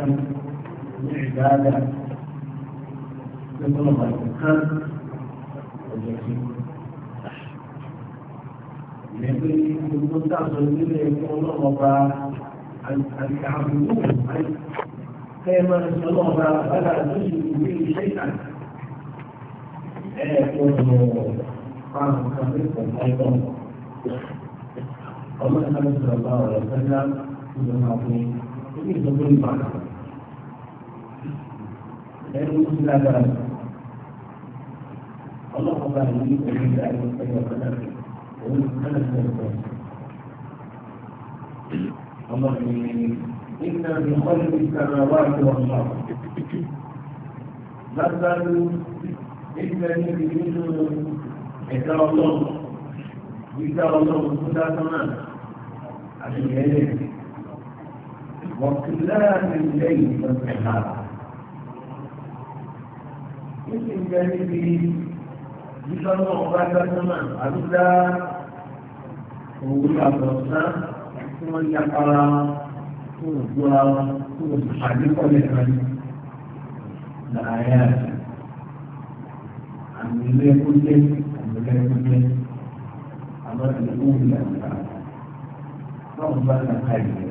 العبادة يطلب الإنسان والجحيم لكن يكون تعصر منه يكون الله التعبدون كما نسأل الله فلا تشرك به شيئا يكون قام خبيثا أيضا ومن صلى الله عليه وسلم من المعظيم يريد كل معنى ẹni tó ti lágbára ọlọ́pàá bá yìí ní pẹ̀lú ìgbà yìí pẹ̀lú ọ̀kadà rẹ̀ òun ní kánà ní ọ̀pọ̀ ọmọ mi nínú ní kọ́lé ní kánà wà ní ọ̀pọ̀ lágbára nínú ẹni tí nínú ẹ̀dá ọlọ́run gbígbá ọlọ́run tó dá sọ́nà àti ìyẹn lẹ́yìn wọ́n ti láàrin lẹ́yìn lọ́sẹ̀ náà títí ń bẹ níbi ìṣọ́nà ọba gbẹ́sọ́nà àdúgbà òwú àbọ̀sán tí wọ́n yá para wọn tí wọ́n gbọ́ra wọn tí wọ́n àdékọ́lẹ̀ kan láàárín àti àmì ilé kúndé àmì ilé kúndé àmọ́ ìlú ìlú àgbà báwo bá ń ìlú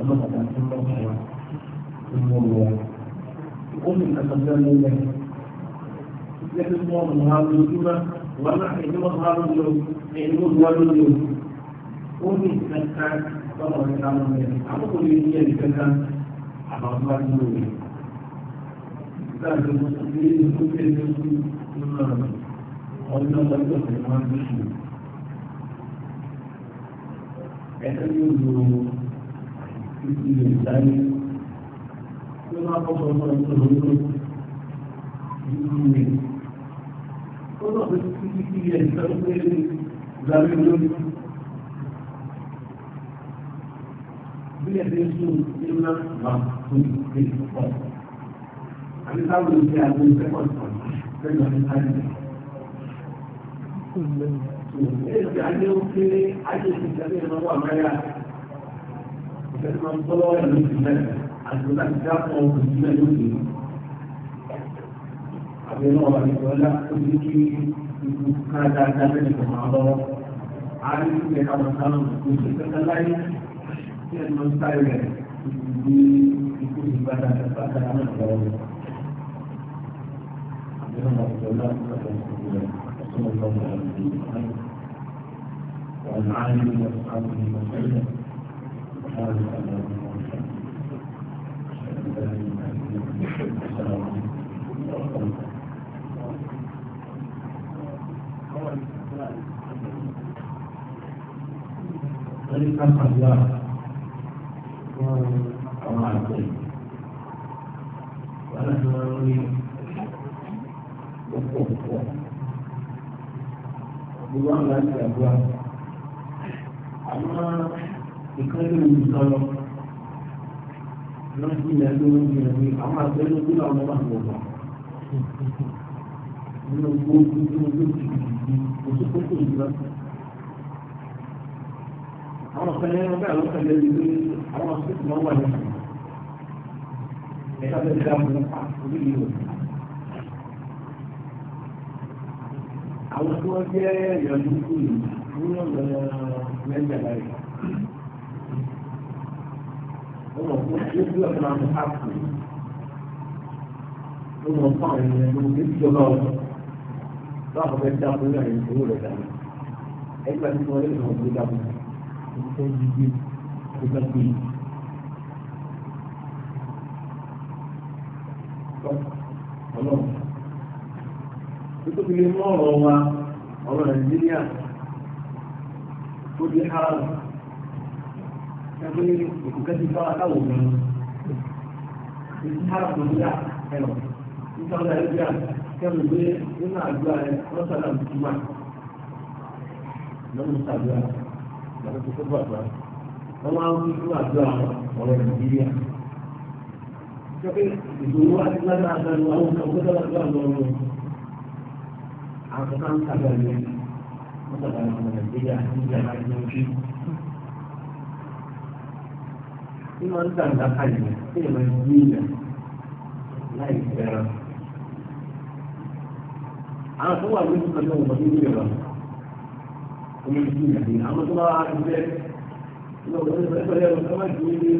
ọlọ́pàá tó lọ́kọ̀ọ́ tó mọ̀ wọ́n. ومن أقدام الله لكن الله من هذا الجمع ونحن من هذا اليوم علم هذا اليوم ومن أقدام الله تعالى أقول لي أن كذا أبغى الله يقول ذلك المستقيم كل يوم من هذا ومن الله تعالى يقول ẹ̀ka yóò lo ìdílé ìdáyé máa kọ́kọ́ ọmọ ìṣòro ní ìlú rẹ̀. Ó lọ sí títí kí ẹ̀ sọ́dún pé ìgbàlú lórí. Bí ẹ̀ ti sùn ní ńlá máa tún ìgbé pọ̀. Àbí táwọn ìgbé àgbo ìfẹ́kọ̀ọ́ sọ̀rọ̀ lẹ́yìn ọdún táyà. Èsì ayé ó kéré, ayé ìṣẹ̀lẹ̀ ìrànwọ́ àmáyà. Ìfẹ́ máa ń tọ́lọ́ ẹ̀ lóṣù mẹ́rin. àtìgbà ti dápọ̀ òkùnkùn náà lóde. Àbẹ̀rẹ̀ ọ̀rọ̀ ìgbọ́lá ó ní kí ikú kára dáadáa bẹ́ẹ̀ kò máa lọ́wọ́. Àárín ìgbẹ́ àwọn sáà kò ṣe kẹta láyé tí ẹnu ń sáré rẹ̀ ní ikú ìgbàdà ìgbàdà náà lọ́wọ́. Àbẹ̀rẹ̀ ọ̀rọ̀ ìgbọ́lá ó ní kí ikú kára dáadáa bẹ́ẹ̀ kò máa lọ́wọ́. وعن علي واصحابه وسلم قال الله Jadi kata dia Orang lain Walau melalui Bukuh-bukuh Buang lagi ya buang Ama Ikan ini misalnya wọ́n àwọn àgbẹ̀lẹ̀ tó làwọn máa ń wọ̀ wá. Nínú owó tó ń gbé ojú ìdìbò oṣù tó kò jùlọ. Àwọn ọ̀sán yẹn mọ̀ fún àwọn ènìyàn ló ń tó lọ láwọn fẹ́ dá fún ìrìn àjò rẹ̀ dání ẹgbẹ́ tí wọ́n lè lọ sí dá fún un tó yí gbé tó gbé yìí. Ọlọ́run nítorí lè mú ọ̀rọ̀ wa ọ̀rọ̀ Nàìjíríà tó di haram pé òkùnkẹ́ ti bá aláwọ̀ mi ní sára tó ní ẹ̀rọ ní sáwọn nàìjíríà kẹ́mi pé nínú àdúrà rẹ̀ wọ́n sábà ń túmọ̀ lọ́nà sàdúrà lọ́nà tó tó bàbá wọ́n máa ń fún àdúrà ọ̀rọ̀ nàìjíríà. Ìjọba ìdòwò àti lára àgbàdo àwọn kan gbọ́dọ̀ àdúrà lọ́rùn. Àwọn kan ń sábà ní máa ń dàgbà kalẹ̀ tí èèyàn máa yí ilẹ̀ láì fẹ́ràn. àwọn tó wà ní kan náà wọ́n ní ìlú rẹ̀ omi ìlú ìlú àwọn tó bá wà ní bẹ́ẹ̀ ní ọ̀gbọ́n ní ìfẹ́ lẹ́rọ ká má ju ilé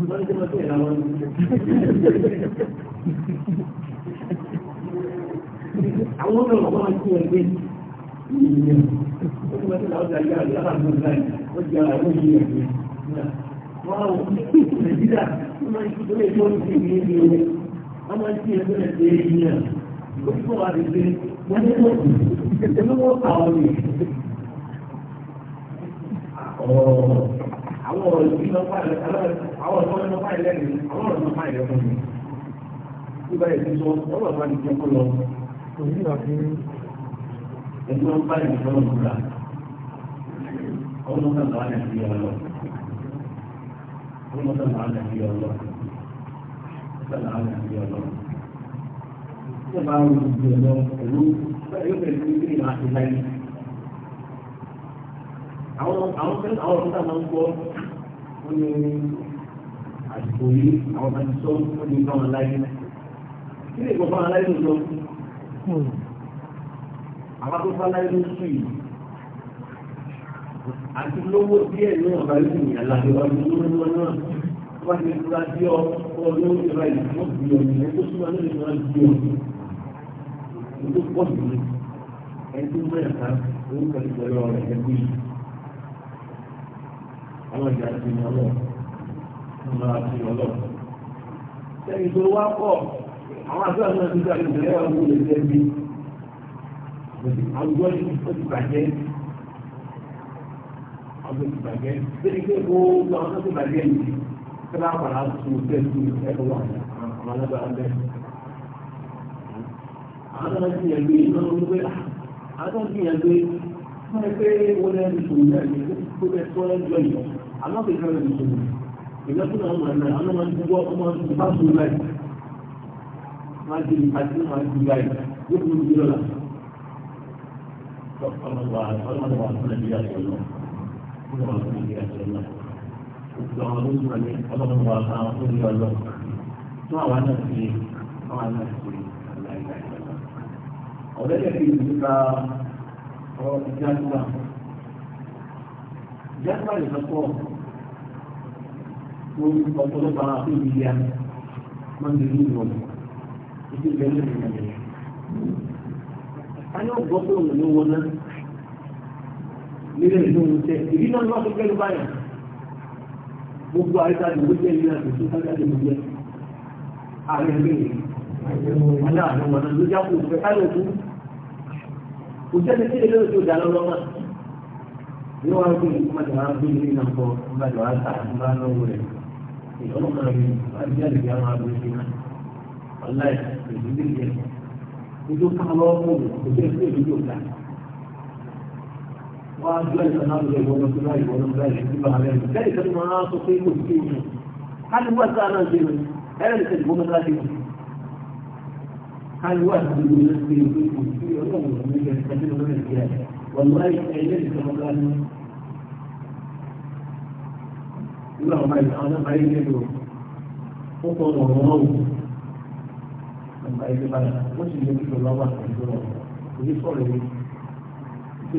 ìgbọ́n ní tẹ́lẹ̀ tẹ́lẹ̀ láwọn ní àwọn ọmọ ọgbọ́n máa ń tún ẹgbẹ́ ìlú yẹn ó ti máa tẹ́lẹ̀ àwọn ọjà yára yára lọ́dún láì ó di ara ó yí ẹgbẹ́ náà wáwò nàìjíríà tó máa ń ṣe tó lè tó ń ṣe ní ibi omi wọ́n máa ń ṣe ẹgbẹ́ rẹ̀ ṣe é yíyan ó ti fọ́ wa lè ṣe wọ́n ní wọ́n ṣe ló wọ́n àwọn mi. àwọn ọ̀rọ̀ yìí lọ fà lẹ́ àwọn ọ̀rọ̀ lọ fà lẹ́ mi àwọn ọ̀rọ̀ lọ fà lẹ́ fún mi. bí báyìí ti sọ ọ̀rọ̀ bá mi jẹ́ kó lọ. ẹ̀gbọ́n báyìí lọ́wọ́ ọ̀nà kan lọ́wọ́ اللهم صل على نبي الله صل على نبي الله طبعا نبي الله قلوب فيدرك يدري مع الله àwọn àwọn fẹ́ àwọn ọ̀rọ̀ náà ń gbọ́ wọ́n ní àsìkò yìí àwọn máa ti sọ wọ́n ní báwọn láyé kí lè gbọ́ báwọn láyé ló lọ. àwọn tó bá láyé ló sùn yìí àti lówó díẹ̀ náà bá yóò ní àlàyé wa ní lówó náà wọ́n ti fura sí ọ ọdún ìjọba ìlú bí ọdún ẹ̀ tó súnmọ́ lórí ìjọba bí ọdún ẹ̀ tó pọ̀ sí ní ẹ̀ tó mọ̀ ẹ̀ka òun kan ìjọba ọ̀rẹ́ ẹ̀ bí àwọn ìjà ti ní ọlọ́ wọn máa ti ọlọ́ sẹ́yìn tó wá pọ̀ àwọn àti àwọn àti ìjọba ìjọba ìjọba ìjọba ìjọba àwùjọ yìí ó ti bàjẹ́ tó ti bàjẹ́ lórí pé gbogbo àwọn tó ti bàjẹ́ yìí tó bá padà tu tẹ́tù ẹ̀kọ́ wà àwọn alágbára bẹ́ẹ̀. àwọn tó bá ti yẹ gbé iná ló gbé àwọn tó ti yẹ gbé wọ́n pé wọ́n lẹ́nu ìṣòwò náà ní kó bẹ́ẹ̀ tó lẹ́nu jọ yìí àmọ́ kò ní lẹ́nu ìṣòwò ìlọ́kùnrin àwọn ọmọ náà àwọn máa ń gbọ́ ọmọ ìfá sùn láì máa ń di àti máa ń di láì yóò fún mi lọ́la. Ọlọ́run wa ọlọ́run wa ọlọ́run wa ọlọ́run wa kúrò ní ìdí ẹ̀jẹ̀ náà. Gbogbo àwọn olóyún ọ̀lẹ́ ọlọ́run wà bá wọn tó ní ọlọ́run. Tún àwa náà ṣe àwa náà ṣe àlàyé. Ọ̀rẹ́dẹ̀ fi ìgbà ọ̀rọ̀ ìjágbá. Ìjágbá lè lọ́pọ̀ lórí ọ̀pọ̀lọpọ̀ àwọn àfihàn ìyá máa ń lè ní ìwọ̀n. Ìdí ìgbẹ́lẹ̀ ìrìnàjò. A yóò gbọ́ pé òun ló wọná nílẹ̀ inú ohun tẹ ìdí náà ni wọ́n fi kẹ́lu báyà gbogbo àyíká ni wọ́n jẹ́ ilé àti tó sájá lè mú jẹ́ ààrẹ ẹgbẹ́ yìí ọjà àwọn ọmọdé ló já kó fẹ́ káyọ̀ kú kò sẹ́ni tí ilé òjò dá lọ́wọ́ náà ní wọ́n á gbé ìmọ̀jọ̀ á gbé ilé náà kọ ìmọ̀jọ̀ á tà ìmọ̀ á lọ́wọ́ rẹ̀ ìyọ́nù náà rí àbíjáde bí àwọn àgbẹ̀ ṣe náà ọ̀la ẹ̀ ìdílé jẹ́ nítorí káwọn ọmọ òkú وأجل الأنظر والمسلاج والمسلاج كلها عليهم ذلك المناطق المسكينة هل هو سأنازل هل لسجد مساجد هل هو أهل المسكين في المسكين والله يجب أن اللهم عليك أنا بعيد يده خطر وموت من بعيد بلد وش اللي الله عز وجل ويقول لي في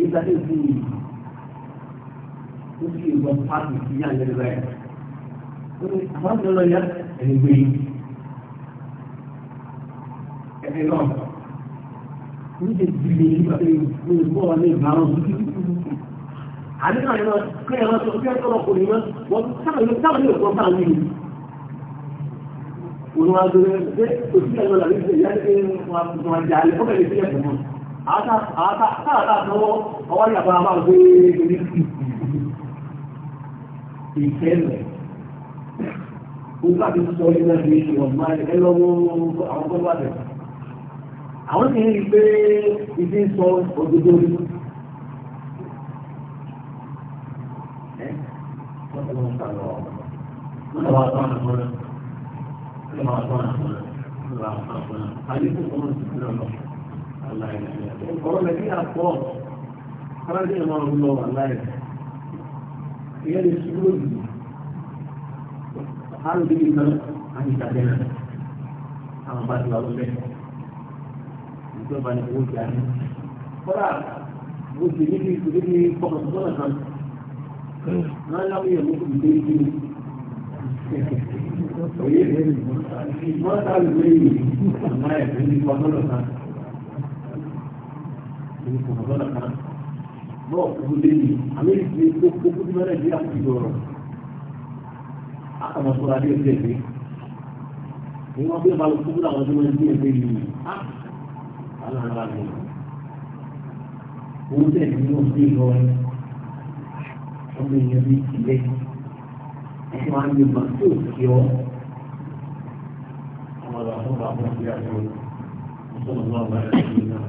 nígbà tó ti yìí ó sì ìbọn pàtó sí ní rẹ ó ní àwọn ọmọ ẹni gbé yìí ẹni náà ní ti di lè yí pàtó yìí ní ìbọn wọn ní ìbáwọn àbí náà yẹn náà kí ẹ̀rọ tó kí ẹ̀rọ kò ní mọ́ wọ́n sábà yóò sábà yóò kọ́ sáà nínú olùwàdúró ẹ̀ ṣe òṣìṣẹ́ lọ́la ní ìṣẹ̀lẹ̀ yá ní wọn àjálẹ̀ ó bẹ̀rẹ̀ sílẹ̀ fún wọn àtàtàwọ́ ọ̀rọ̀ lẹ́bí àpọ̀ aráàlú ẹ̀ máa ń lọ àláì ndị lè ṣubú lòdì àrùbí nìkan àti ìtàgé náà àwọn bá ti wà lọ́lẹ́ ìjọba ní owó ìjà ní. kọ́lá mo sì ní kí ìṣòro ní pọkàntọ́nà kan náà láwọn èèyàn mú kí ìdé ìdí Oye, ní kò kan? nàkà bọ́ òkú lẹ́yìn amẹ́ríkì ní kó kókó tí mẹ́rẹ̀ yíra ti dọ̀rọ̀ àkàmọ̀ sọ̀rọ̀ adé ẹgbẹ́ ẹgbẹ́ ní wọ́n bí balùwẹ̀ kókó làwọn tó máa ń dín ẹgbẹ́ yìí á àwọn ará mi owó tẹ̀ ní wọ́n fi lọ ẹ ọmọ èèyàn bíi tìlẹ̀ ẹ̀sìn wa ń gbé bàtí òkè ọmọ bàbá bàbá bí a yọ ọ́ sọ́nà bàbá yẹn ní ìlànà